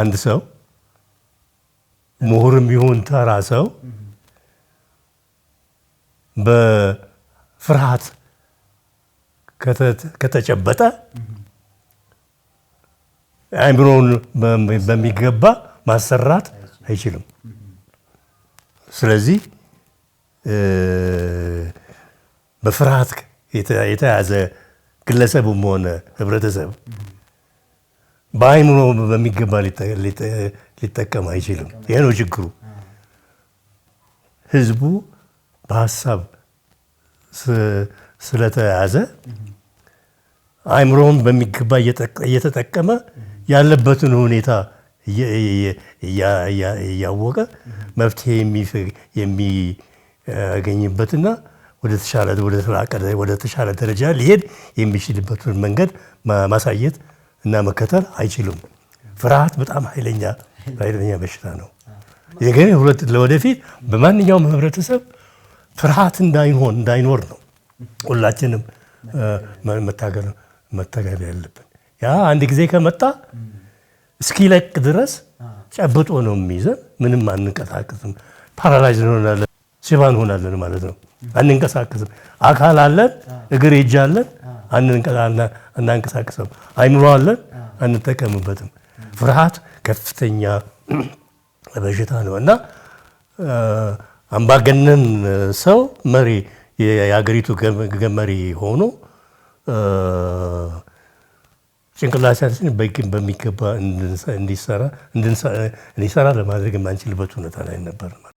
አንድ ሰው ምሁርም ይሁን ተራ ሰው በፍርሃት ከተጨበጠ አእምሮውን በሚገባ ማሰራት አይችልም። ስለዚህ በፍርሃት የተያዘ ግለሰብም ሆነ ህብረተሰብ በአይምሮ በሚገባ ሊጠቀም አይችልም። ይህ ነው ችግሩ። ህዝቡ በሀሳብ ስለተያዘ አይምሮውን በሚገባ እየተጠቀመ ያለበትን ሁኔታ እያወቀ መፍትሄ የሚያገኝበትና ወደ ተሻለ ደረጃ ሊሄድ የሚችልበትን መንገድ ማሳየት እና መከተል አይችሉም። ፍርሃት በጣም ኃይለኛ ኃይለኛ በሽታ ነው። የገን ሁለት ለወደፊት በማንኛውም ህብረተሰብ ፍርሃት እንዳይሆን እንዳይኖር ነው ሁላችንም መታገል መታገል ያለብን። ያ አንድ ጊዜ ከመጣ እስኪለቅ ድረስ ጨብጦ ነው የሚይዘን። ምንም አንንቀሳቀስም። ፓራላይዝ እንሆናለን፣ ሽባ እንሆናለን ማለት ነው። አንንቀሳቀስም። አካል አለን፣ እግር እጅ አለን አናንቀሳቅሰም። አይምሮ አለን አንጠቀምበትም። ፍርሃት ከፍተኛ በሽታ ነው እና አምባገነን ሰው መሪ የአገሪቱ ገመሪ ሆኖ ጭንቅላታችን በሚገባ እንዲሰራ ለማድረግ የማንችልበት ሁኔታ ላይ ነበር።